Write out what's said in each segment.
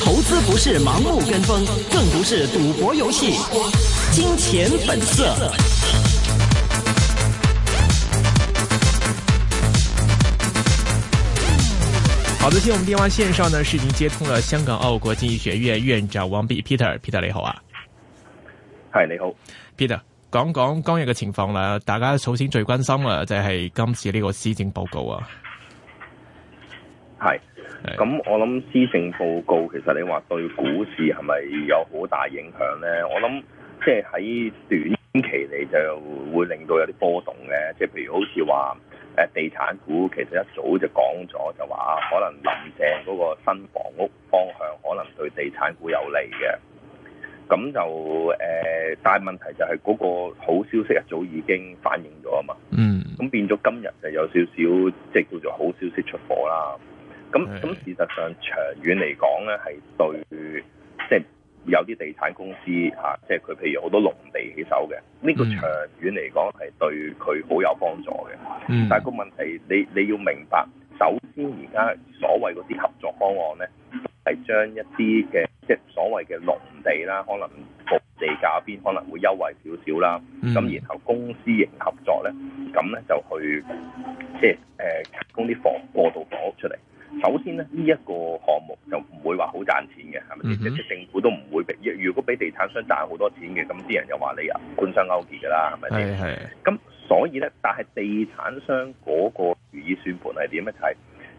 投資不是盲目跟風，更不是賭博遊戲。金錢本色。好的，今天我哋電話線上呢，是已經接通咗香港奧國經濟學院院長王弼 Peter。Peter，Peter，你好啊，係你好，Peter，講講今日嘅情況啦，大家重新最關心啊，就係今次呢個施政報告啊。係，咁我諗施政報告其實你話對股市係咪有好大影響呢？我諗即係喺短期嚟，就會令到有啲波動嘅，即係譬如好似話誒地產股，其實一早就講咗就話可能林鄭嗰個新房屋方向可能對地產股有利嘅，咁就誒、呃，但係問題就係嗰個好消息一早已經反映咗啊嘛，嗯，咁變咗今日就有少少即係叫做好消息出貨啦。咁咁，事實上長遠嚟講咧，係對即係有啲地產公司、啊、即係佢譬如好多農地起手嘅，呢、呢個長遠嚟講係對佢好有幫助嘅、嗯。但係個問題，你你要明白，首先而家所謂嗰啲合作方案咧，係將一啲嘅即係所謂嘅農地啦，可能地價邊可能會優惠少少啦，咁、嗯、然後公私營合作咧，咁咧就去即係誒、呃、供啲房過渡房屋出嚟。首先咧，呢、這、一個項目就唔會話好賺錢嘅，係咪先？即、mm、係 -hmm. 政府都唔會俾，如果俾地產商賺好多錢嘅，咁啲人又話你啊官商勾結㗎啦，係咪先？係、mm、咁 -hmm. 所以咧，但係地產商嗰個如意算盤係點咧？就係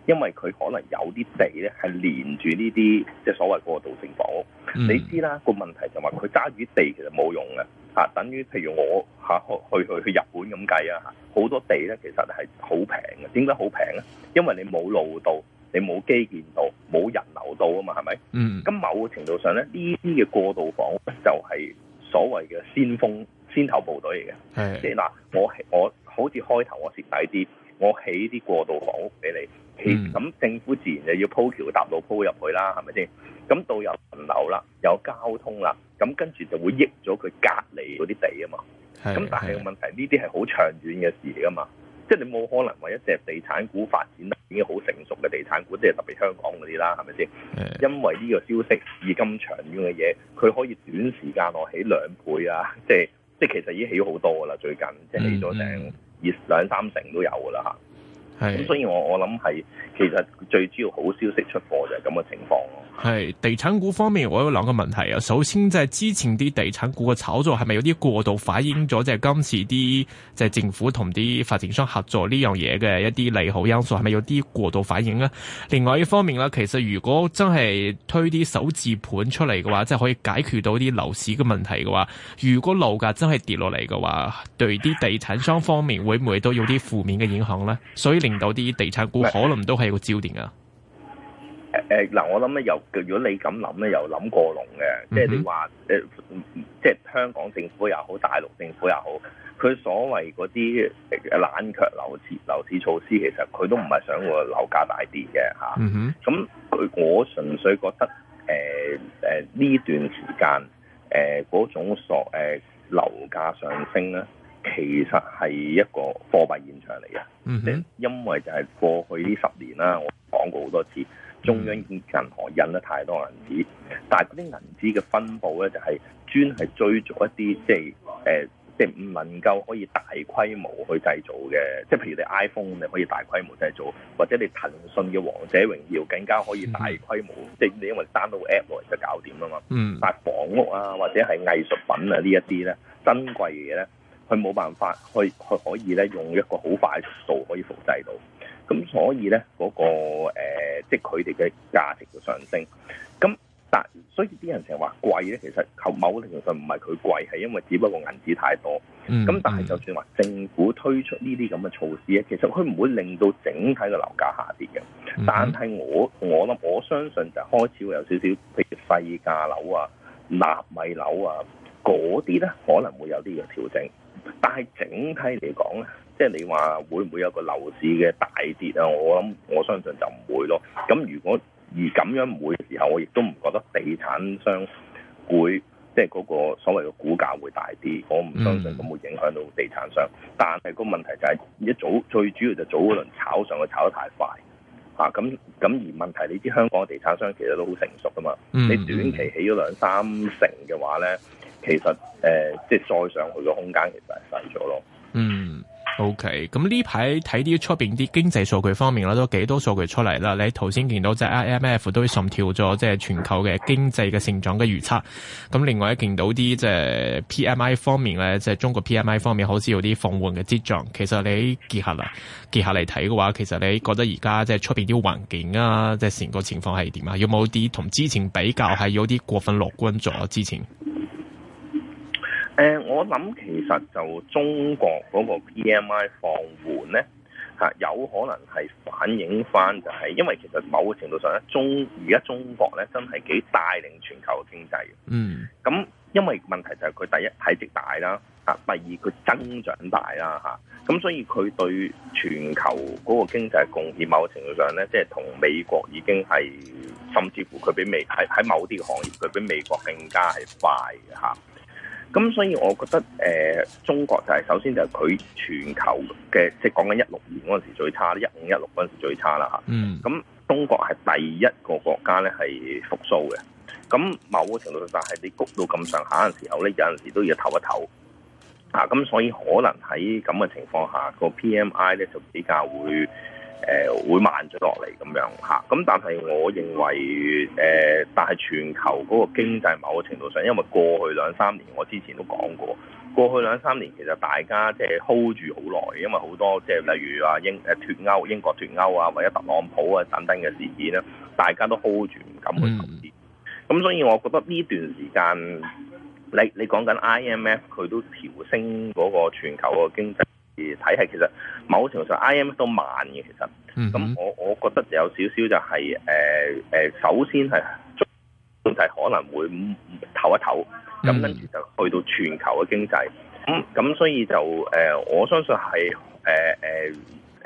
因為佢可能有啲地咧係連住呢啲即係所謂過渡性房屋。Mm -hmm. 你知啦，個問題就話佢揸住地其實冇用嘅，嚇、啊！等於譬如我嚇、啊、去去去日本咁計啊，好多地咧其實係好平嘅。點解好平咧？因為你冇路到。你冇基建到，冇人流到啊嘛，係咪？嗯。咁某個程度上咧，呢啲嘅過渡房屋就係所謂嘅先鋒、先頭部隊嚟嘅。係。即係嗱，我我好似開頭我蝕底啲，我起啲過渡房屋俾你。嗯。咁政府自然就要鋪橋搭路鋪入去啦，係咪先？咁到有人流啦，有交通啦，咁跟住就會益咗佢隔離嗰啲地啊嘛。係。咁但係問題呢啲係好長遠嘅事嚟噶嘛？即係你冇可能話一隻地產股發展得已經好成熟嘅地產股，即係特別香港嗰啲啦，係咪先？因為呢個消息以咁長遠嘅嘢，佢可以短時間內起兩倍啊！即係即係其實已經起好多㗎啦，最近即係起咗成二兩三成都有㗎啦吓。咁所以我我諗係其實最主要好消息出貨就係咁嘅情況。係地產股方面，我有兩個問題啊。首先，即係之前啲地產股嘅炒作，係咪有啲過度反映咗？即係今次啲即係政府同啲發展商合作呢樣嘢嘅一啲利好因素，係咪有啲過度反映呢？另外一方面呢，其實如果真係推啲首置盤出嚟嘅話，即係可以解決到啲樓市嘅問題嘅話，如果樓價真係跌落嚟嘅話，對啲地產商方面會唔會都有啲負面嘅影響呢？所以令到啲地產股可能都係個焦點啊。誒、呃、嗱，我諗咧，又如果你咁諗咧，又諗過龍嘅，即係你話，即係香港政府又好，大陸政府又好，佢所謂嗰啲冷卻樓市、樓市措施，其實佢都唔係想話樓價大跌嘅。咁佢我純粹覺得誒呢、呃呃、段時間誒嗰、呃、種所誒、呃、樓價上升咧，其實係一個貨幣現象嚟嘅。嗯哼，因為就係過去呢十年啦，我講過好多次。中央銀行印得太多銀紙，但係嗰啲銀紙嘅分佈咧就係專係追逐一啲即係誒，即係、呃、唔能夠可以大規模去製造嘅。即係譬如你 iPhone 你可以大規模製造，或者你騰訊嘅王者榮耀更加可以大規模，嗯、即係你因為 download app 就搞掂啦嘛。但係房屋啊，或者係藝術品啊這些呢一啲咧，珍貴嘅嘢咧，佢冇辦法去去可以咧用一個好快嘅速度可以複製到。咁所以咧，嗰、嗰個、呃、即係佢哋嘅價值就上升。咁但所以啲人成日話貴咧，其實求某程度上唔係佢貴，係因為只不過銀紙太多。咁、嗯、但係，就算話政府推出呢啲咁嘅措施咧，其實佢唔會令到整體嘅樓價下跌嘅、嗯。但係我我諗我相信就開始會有少少譬如細價樓啊、納米樓啊嗰啲咧，可能會有啲嘅調整。但係整體嚟講咧。即係你話會唔會有個樓市嘅大跌啊？我諗我相信就唔會咯。咁如果而咁樣唔會嘅時候，我亦都唔覺得地產商會即係嗰個所謂嘅股價會大啲。我唔相信咁會影響到地產商。嗯、但係個問題就係一早最主要就係早嗰輪炒上去炒得太快嚇。咁、啊、咁而問題你知香港嘅地產商其實都好成熟噶嘛。嗯、你短期起咗兩三成嘅話咧，其實即係、呃就係、再上去嘅空間其實係細咗咯。嗯。O K，咁呢排睇啲出邊啲經濟數據方面咧，都幾多數據出嚟啦。你頭先見到即係 I M F 都甚調咗即係全球嘅經濟嘅成長嘅預測。咁另外一見到啲即係 P M I 方面咧，即係中國 P M I 方面好似有啲放緩嘅跡象。其實你結合啦，結合嚟睇嘅話，其實你覺得而家即係出面啲環境啊，即係成個情況係點啊？有冇啲同之前比較係有啲過分樂觀咗之前？誒，我諗其實就中國嗰個 PMI 放緩咧，吓，有可能係反映翻就係、是，因為其實某個程度上咧，中而家中國咧真係幾帶領全球嘅經濟。嗯，咁因為問題就係佢第一體積大啦，吓，第二佢增長大啦，吓，咁所以佢對全球嗰個經濟貢獻，某個程度上咧，即係同美國已經係，甚至乎佢比美喺喺某啲行業，佢比美國更加係快吓。咁所以，我覺得誒、呃、中國就係首先就係佢全球嘅，即係講緊一六年嗰陣時最差，一五一六嗰陣時最差啦嚇。咁、mm. 中國係第一個國家咧係復甦嘅。咁某個程度上，但係你谷到咁上下嘅時候咧，有陣時都要唞一唞啊。咁所以可能喺咁嘅情況下，個 PMI 咧就比較會。誒、呃、會慢咗落嚟咁樣嚇，咁但係我認為誒、呃，但係全球嗰個經濟某個程度上，因為過去兩三年我之前都講過，過去兩三年其實大家即係 hold 住好耐，因為好多即係例如啊英誒脱歐，英國脱歐啊，或者特朗普啊等等嘅事件咧，大家都 hold 住唔敢去投資。咁、嗯、所以我覺得呢段時間，你你講緊 IMF 佢都調升嗰個全球嘅經濟。體系其實某程度上 I M 都慢嘅，其實，咁我我覺得有少少就係誒誒，首先係中就係、是、可能會唞一唞，咁跟住就去到全球嘅經濟，咁咁所以就誒、呃，我相信係誒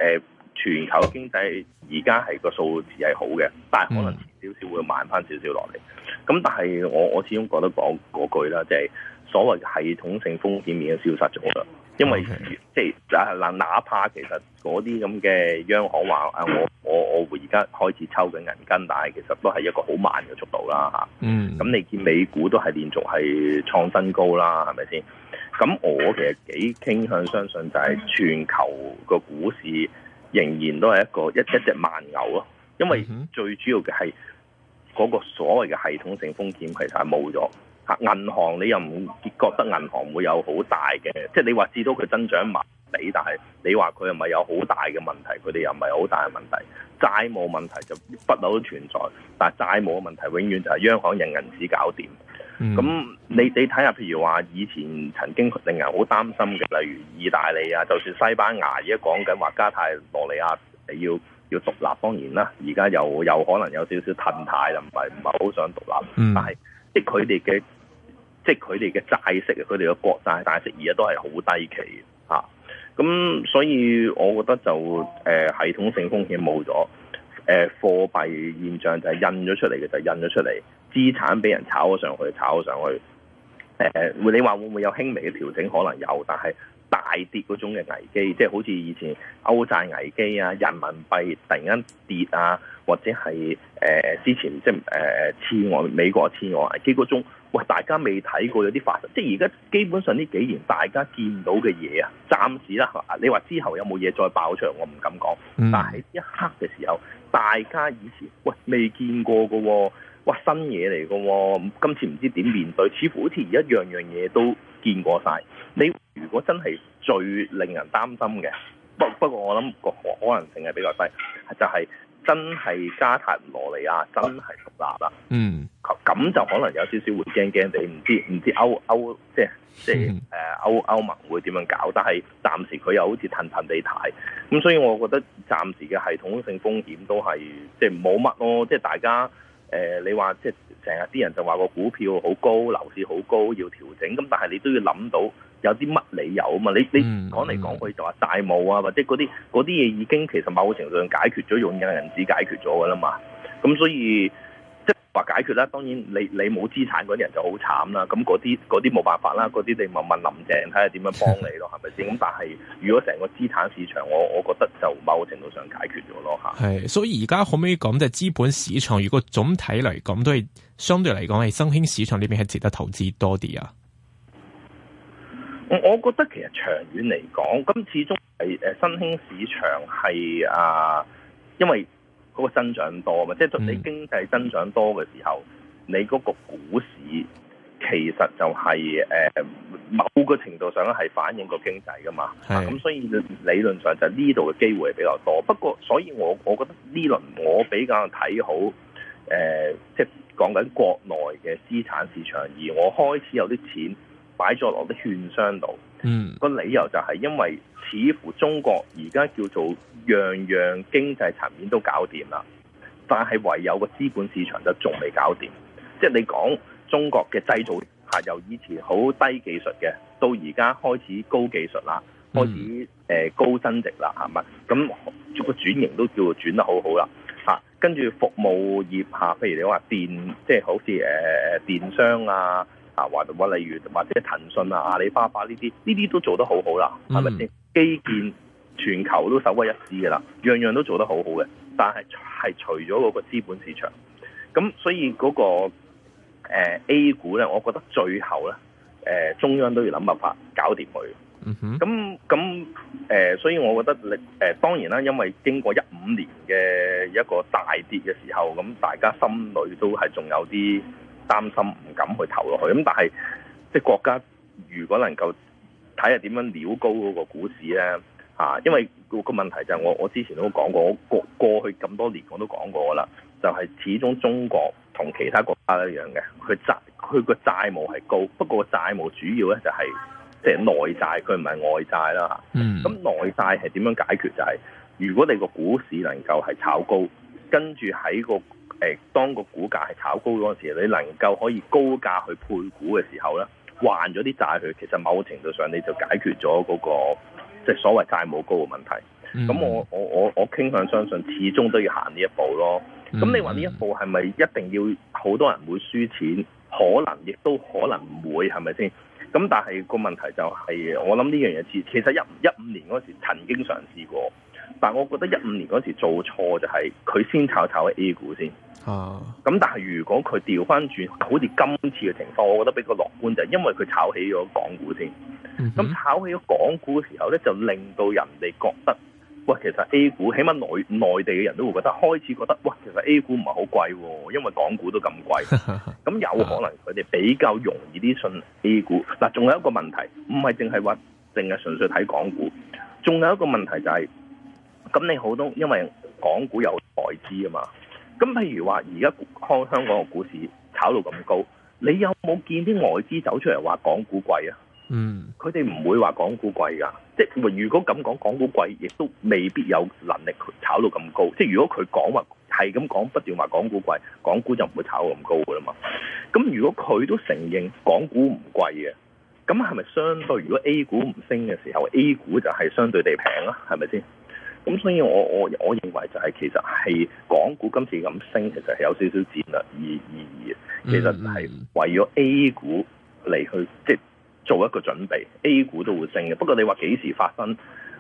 誒誒，全球嘅經濟而家係個數字係好嘅，但係可能少少會慢翻少少落嚟，咁但係我我始終覺得講嗰句啦，即、就、係、是、所謂系統性風險已經消失咗啦。Okay. 因為即係哪怕其實嗰啲咁嘅央行話啊，我我我會而家開始抽緊銀根，但係其實都係一個好慢嘅速度啦，吓。嗯。咁你見美股都係連續係創新高啦，係咪先？咁我其實幾傾向相信，就係全球個股市仍然都係一個一一隻慢牛咯。因為最主要嘅係嗰個所謂嘅系統性風險其實係冇咗。銀行你又唔覺得銀行會有好大嘅，即係你話至到佢增長慢啲，但係你話佢又咪有好大嘅問題，佢哋又唔係好大嘅問題。債務問題就不嬲都存在，但係債務嘅問題永遠就係央行印銀紙搞掂。咁、嗯、你你睇下，譬如話以前曾經令人好擔心嘅，例如意大利啊，就算西班牙而家講緊話加泰羅尼亞要要獨立，當然啦，而家又有可能有少少褪態，就唔係唔係好想獨立，嗯、但係即係佢哋嘅。即係佢哋嘅債息，佢哋嘅國債債息而家都係好低期啊、咁所以，我覺得就、呃、系統性風險冇咗，誒貨幣現象就係印咗出嚟嘅就印咗出嚟，資產俾人炒咗上去，炒咗上去。呃、你話會唔會有輕微嘅調整？可能有，但係大跌嗰種嘅危機，即係好似以前歐債危機啊、人民幣突然間跌啊，或者係誒、呃、之前即係誒次按美國次按危機嗰種。喂，大家未睇過有啲發生，即係而家基本上呢幾年大家見到嘅嘢啊，暫時啦嚇，你話之後有冇嘢再爆出嚟，我唔敢講。但係喺一刻嘅時候，大家以前喂未見過嘅喎，哇，新嘢嚟嘅喎，今次唔知點面對，似乎好似而家樣樣嘢都見過晒。你如果真係最令人擔心嘅，不不過我諗個可能性係比較低，就係、是。真係加泰羅尼亞真係獨立啦，嗯，咁就可能有少少會驚驚地，唔知唔知歐歐即係即係誒歐歐盟會點樣搞，但係暫時佢又好似騰騰地大，咁所以我覺得暫時嘅系統性風險都係即係冇乜咯，即係大家誒、呃、你話即係成日啲人就話個股票好高，樓市好高要調整，咁但係你都要諗到。有啲乜理由啊嘛？你你講嚟講去就話債務啊，或者嗰啲嗰啲嘢已經其實某程度上解決咗，用印銀紙解決咗噶啦嘛。咁所以即係話解決啦。當然你你冇資產嗰啲人就好慘啦。咁嗰啲嗰啲冇辦法啦。嗰啲你問問林鄭睇下點樣幫你咯，係咪先？咁 但係如果成個資產市場，我我覺得就某程度上解決咗咯嚇。係，所以而家可唔可以講，即係資本市場，如果總體嚟講都係相對嚟講係新興市場呢邊係值得投資多啲啊？我覺得其實長遠嚟講，咁始終係誒新興市場係啊，因為嗰個增長多啊嘛，即係你經濟增長多嘅時候，嗯、你嗰個股市其實就係誒某個程度上咧係反映個經濟㗎嘛，咁所以理論上就呢度嘅機會係比較多。不過，所以我我覺得呢輪我比較睇好誒，即係講緊國內嘅資產市場，而我開始有啲錢。擺咗落啲券商度，個、嗯、理由就係因為似乎中國而家叫做樣樣經濟層面都搞掂啦，但係唯有個資本市場就仲未搞掂。即係你講中國嘅製造嚇，由以前好低技術嘅，到而家開始高技術啦，開始誒、呃、高增值啦，係咪？咁做個轉型都叫做轉得好好啦嚇。跟住服務業嚇，譬如你話電，即係好似誒、呃、電商啊。或或例如或者騰訊啊阿里巴巴呢啲呢啲都做得好好啦，係咪先？基建全球都首屈一指噶啦，樣樣都做得好好嘅。但係係除咗嗰個資本市場，咁所以嗰、那個誒、呃、A 股咧，我覺得最後咧，誒、呃、中央都要諗辦法搞掂佢。嗯哼，咁咁誒，所以我覺得誒、呃，當然啦，因為經過一五年嘅一個大跌嘅時候，咁大家心裏都係仲有啲。擔心唔敢去投落去，咁但係即係國家如果能夠睇下點樣撩高嗰個股市咧，吓、啊，因為個問題就係我我之前都講過，過過去咁多年我都講過噶啦，就係、是、始終中國同其他國家一樣嘅，佢債佢個債務係高，不過債務主要咧就係即係內債，佢唔係外債啦。嗯。咁內債係點樣解決？就係、是、如果你個股市能夠係炒高，跟住喺、個。誒，當個股價係炒高嗰陣時，你能夠可以高價去配股嘅時候咧，還咗啲債去，其實某程度上你就解決咗嗰個即係所謂債務高嘅問題。咁我我我我傾向相信，始終都要行呢一步咯。咁你話呢一步係咪一定要好多人會輸錢？可能亦都可能唔會，係咪先？咁但係個問題就係，我諗呢樣嘢其實一一五年嗰時曾經嘗試過。但我覺得一五年嗰時做錯就係佢先炒炒 A 股先，哦。咁但係如果佢調翻轉好似今次嘅情況，我覺得比較樂觀就係因為佢炒起咗港股先。咁、mm -hmm. 炒起咗港股嘅時候咧，就令到人哋覺得，喂，其實 A 股起碼內內地嘅人都會覺得開始覺得，喂，其實 A 股唔係好貴，因為港股都咁貴，咁 有可能佢哋比較容易啲信 A 股。嗱，仲有一個問題，唔係淨係話淨係純粹睇港股，仲有一個問題就係、是。咁你好多，因為港股有外資啊嘛。咁譬如話，而家香香港嘅股市炒到咁高，你有冇見啲外資走出嚟話港股貴啊？嗯，佢哋唔會話港股貴㗎。即係如果咁講港股貴，亦都未必有能力炒到咁高。即係如果佢講話係咁講，不斷話港股貴，港股就唔會炒到咁高㗎啦嘛。咁如果佢都承認港股唔貴嘅，咁係咪相對如果 A 股唔升嘅時候，A 股就係相對地平啦、啊？係咪先？咁所以我我我認為就係其實係港股今次咁升，其實係有少少戰略意意義，其實係為咗 A 股嚟去即係、就是、做一個準備，A 股都會升嘅。不過你話幾時發生，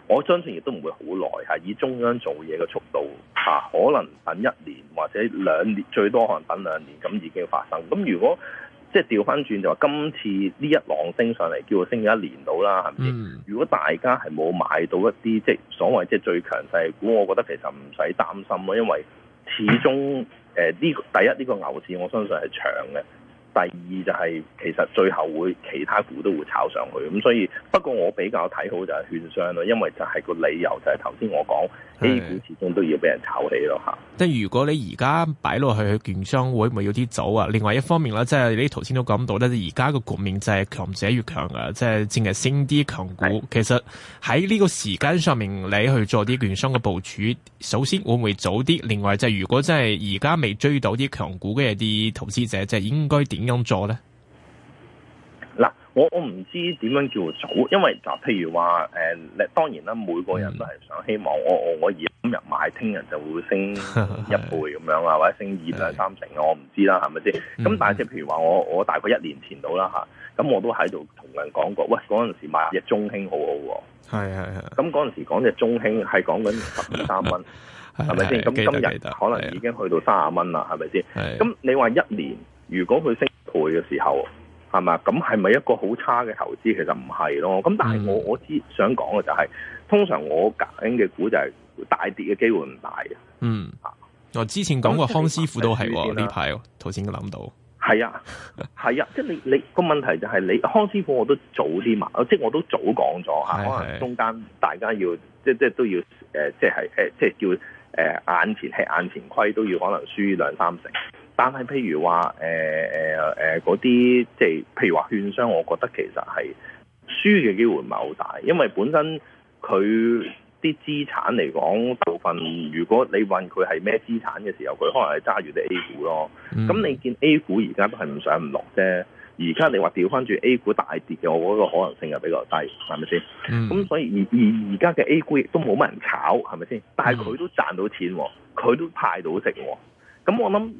我相信亦都唔會好耐吓以中央做嘢嘅速度吓、啊、可能等一年或者兩年，最多可能等兩年咁已經發生。咁如果即係調翻轉就話，今次呢一浪升上嚟，叫佢升咗一年到啦，係咪？如果大家係冇買到一啲即係所謂即係最強勢股，我覺得其實唔使擔心咯，因為始終呢、呃、第一呢、呢個牛市，我相信係長嘅。第二就係其實最後會其他股都會炒上去咁，所以不過我比較睇好就係券商咯，因為就係個理由就係頭先我講。A 股始終都要俾人炒起咯吓，即係如果你而家擺落去券商，會唔會有啲早啊？另外一方面咧，即係你頭先都講到咧，而家個局面就係強者越強啊，即係淨係升啲強股。其實喺呢個時間上面，你去做啲券商嘅部署，首先會唔會早啲？另外，即係如果真係而家未追到啲強股嘅啲投資者，即係應該點樣做咧？我我唔知點樣叫做早，因為就譬如話誒、呃，當然啦，每個人都係想希望我我我而今日買，聽日就會升一倍咁樣啊， 或者升二兩三成啊，我唔知啦，係咪先？咁、嗯、但係即譬如話，我我大概一年前到啦吓，咁、啊、我都喺度同人講過，喂，嗰陣時買隻中興好好、啊、喎，咁嗰陣時講隻中興係講緊十三蚊，係咪先？咁今日可能已經去到三十蚊啦，係咪先？咁你話一年如果佢升一倍嘅時候，係嘛？咁係咪一個好差嘅投資？其實唔係咯。咁但係我我知想講嘅就係、是嗯，通常我揀嘅股就係大跌嘅機會唔大嘅。嗯。我，之前講過、嗯、康師傅都係呢排，頭先都諗到。係啊，係啊， 啊，即係你你個問題就係你康師傅我都早啲買，即係我都早講咗吓。可能中間大家要即係即係都要誒、呃，即係誒、呃，即係叫誒、呃、眼前吃眼前虧，都要可能輸兩三成。但係、呃呃呃，譬如話，誒誒嗰啲即係譬如話，券商，我覺得其實係輸嘅機會唔係好大，因為本身佢啲資產嚟講部分，如果你問佢係咩資產嘅時候，佢可能係揸住啲 A 股咯。咁、嗯、你見 A 股現在不想不而家都係唔上唔落啫。而家你話調翻轉 A 股大跌嘅，我嗰個可能性又比較低，係咪先？咁、嗯、所以而而而家嘅 A 股亦都冇乜人炒，係咪先？但係佢都賺到錢、啊，佢都派到食、啊。咁我諗。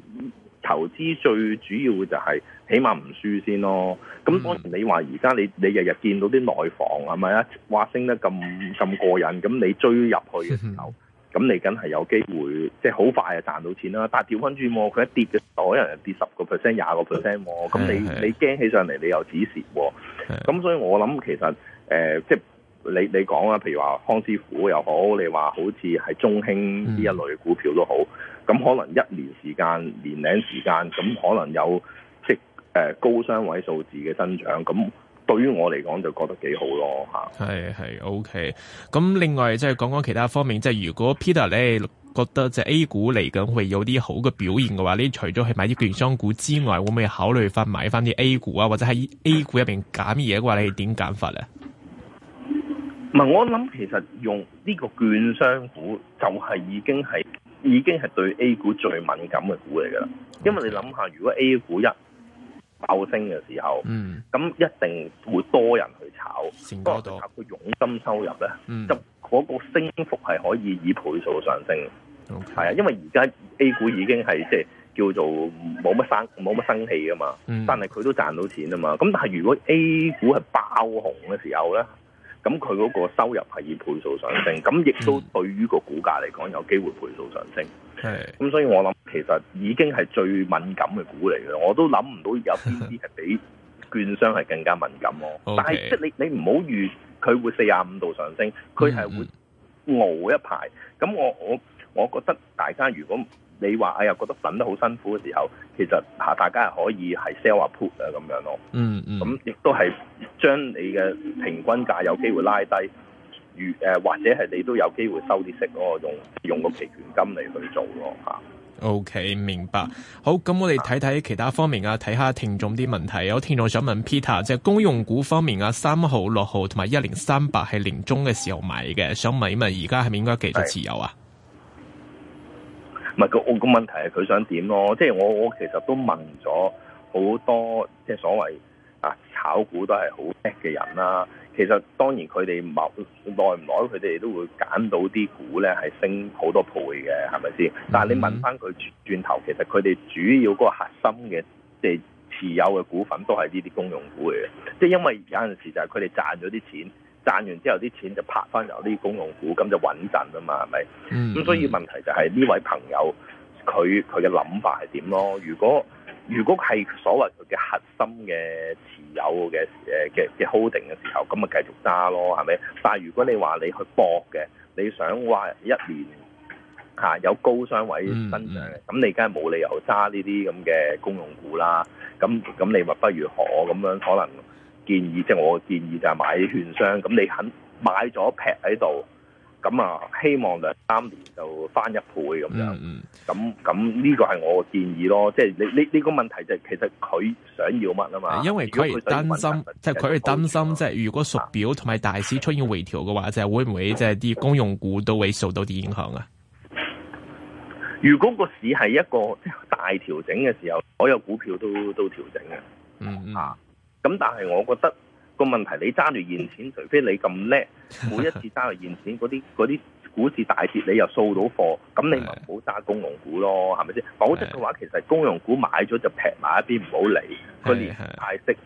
投資最主要就係起碼唔輸先咯。咁當然你話而家你你日日見到啲內房係咪啊？話升得咁咁過癮，咁你追入去嘅時候，咁你梗係有機會，即係好快啊賺到錢啦。但係調翻轉喎，佢一跌嘅時候，可能跌十個 percent、廿個 percent 喎。咁你你，你驚起上嚟，你又止蝕喎。咁所以我諗其實誒、呃，即係你你講啊，譬如話康師傅又好，你話好似係中興呢一類的股票都好。嗯咁可能一年時間年零時間，咁可能有即誒、呃、高雙位數字嘅增長。咁對於我嚟講就覺得幾好咯係係 OK。咁另外即係講講其他方面，即、就、係、是、如果 Peter 你覺得即 A 股嚟緊會有啲好嘅表現嘅話，你除咗去買啲券商股之外，會唔會考慮翻買翻啲 A 股啊？或者喺 A 股入面揀嘢嘅話，你點揀法咧？唔、呃，我諗其實用呢個券商股就係已經係。已經係對 A 股最敏感嘅股嚟㗎啦，因為你諗下，如果 A 股一爆升嘅時候，咁、嗯、一定會多人去炒，多人炒個佣金收入咧、嗯，就嗰個升幅係可以以倍數上升，係、okay，啊，因為而家 A 股已經係即係叫做冇乜生冇乜生氣㗎嘛，嗯、但係佢都賺到錢啊嘛，咁但係如果 A 股係爆紅嘅時候咧？咁佢嗰個收入係以倍數上升，咁亦都對於個股價嚟講有機會倍數上升。係、咁、嗯、所以我諗其實已經係最敏感嘅股嚟嘅，我都諗唔到有邊啲係比券商係更加敏感咯 但係即係你你唔好預佢會四十五度上升，佢係會熬一排。咁我我我覺得大家如果，你話哎呀，覺得等得好辛苦嘅時候，其實嚇大家係可以係 sell a put，啊咁樣咯。嗯嗯，咁亦都係將你嘅平均價有機會拉低，如誒或者係你都有機會收啲息咯，用用個期權金嚟去做咯嚇、嗯。OK，明白。好，咁我哋睇睇其他方面啊，睇下聽眾啲問題。有聽眾想問 Peter，即係公用股方面啊，三號、六號同埋一零三八係年中嘅時候買嘅，想問一問而家係咪應該繼續持有啊？唔係，個我個問題係佢想點咯，即係我我其實都問咗好多即係所謂啊炒股都係好叻嘅人啦。其實當然佢哋冇耐唔耐佢哋都會揀到啲股咧，係升好多倍嘅係咪先？但係你問翻佢轉頭，其實佢哋主要嗰個核心嘅即係持有嘅股份都係呢啲公用股嚟嘅，即係因為有陣時就係佢哋賺咗啲錢。賺完之後啲錢就拍翻入啲公用股，咁就穩陣啊嘛，係咪？咁、嗯嗯、所以問題就係呢位朋友佢佢嘅諗法係點咯？如果如果係所謂佢嘅核心嘅持有嘅誒嘅嘅 holding 嘅時候，咁咪繼續揸咯，係咪？但係如果你話你去搏嘅，你想話一年吓有高商位增長，咁、嗯嗯、你梗係冇理由揸呢啲咁嘅公用股啦。咁咁你咪不如可咁樣可能？建議即係、就係、我建議就係買券商，咁你肯買咗劈喺度，咁啊希望兩三年就翻一倍咁樣。嗯，咁咁呢個係我個建議咯。即係你呢呢、呢個問題就係其實佢想要乜啊嘛？因為佢擔心，即係佢擔心，即係如果縮表同埋大市出現回調嘅話，就係、會唔會即係啲公用股都會受到啲影響啊？如果個市係一個大調整嘅時候，所有股票都都調整嘅。嗯嗯。啊咁但係，我覺得個問題，你揸住現錢，除非你咁叻，每一次揸住現錢嗰啲嗰啲股市大跌，你又掃到貨，咁你咪唔好揸公用股咯，係咪先？否則嘅話，其實公用股買咗就劈埋一邊，唔好理佢連太息。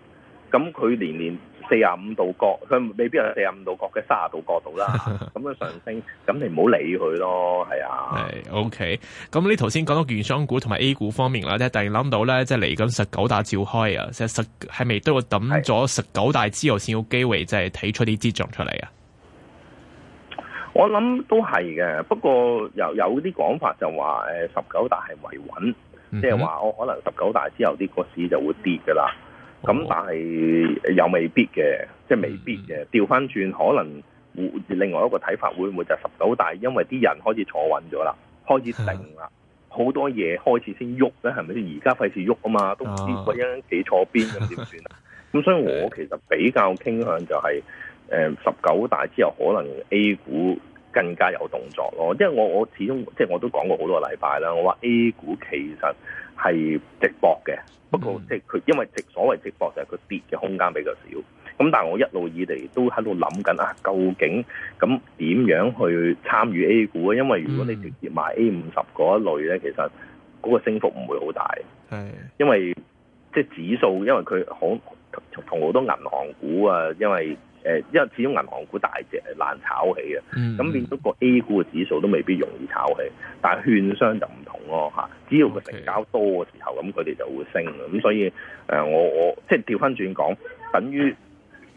咁佢年年四十五度角，佢未必有四十五度角嘅，卅度角度啦。咁 樣上升，咁你唔好理佢咯，係啊。係，O K。咁你頭先講到券商股同埋 A 股方面啦，即係突然諗到咧，即係嚟緊十九大召開啊，即係十係咪都要等咗十九大之後先有機會，即係睇出啲跡象出嚟啊。我諗都係嘅，不過有有啲講法就話，誒、呃，十九大係維穩，嗯、即係話我可能十九大之後啲個市就會跌噶啦。咁、哦、但係又未必嘅，即、就、係、是、未必嘅。掉返轉可能，另外一個睇法會唔會就十九大，因為啲人開始坐穩咗啦，開始定啦，好、啊、多嘢開始先喐咧，係咪先？而家費事喐啊嘛，都唔知嗰、哦、一企錯邊咁點算啊？咁、哦、 所以我其實比較傾向就係誒十九大之後，可能 A 股更加有動作咯。因為我我始終即係我都講過好多個禮拜啦，我話 A 股其實。係直播嘅，不過即係佢，因為直所謂直播就係佢跌嘅空間比較少。咁但係我一路以嚟都喺度諗緊啊，究竟咁點樣去參與 A 股啊？因為如果你直接買 A 五十嗰一類咧，其實嗰個升幅唔會好大。係，因為即係指數，因為佢好同好多銀行股啊，因為。誒，因為始終銀行股大隻係難炒起嘅，咁變咗個 A 股嘅指數都未必容易炒起。但係券商就唔同咯，嚇，只要佢成交多嘅時候，咁佢哋就會升。咁所以誒，我我即係調翻轉講，等於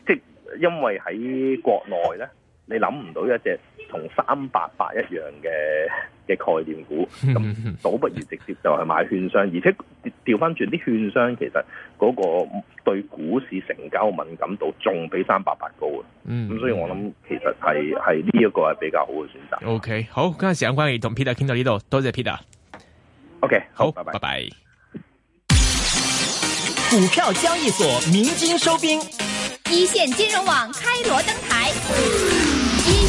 即係因為喺國內咧。你諗唔到一隻同三八八一樣嘅嘅概念股，咁倒不如直接就係買券商，而且調翻轉啲券商其實嗰個對股市成交敏感度仲比三八八高嘅，咁、嗯、所以我諗其實係係呢一個係比較好嘅選擇。OK，好，今日時間關係，同 Peter 傾到呢度，多謝 Peter。OK，好，好 bye bye，拜拜。股票交易所鳴金收兵，一線金融網開鑼登台。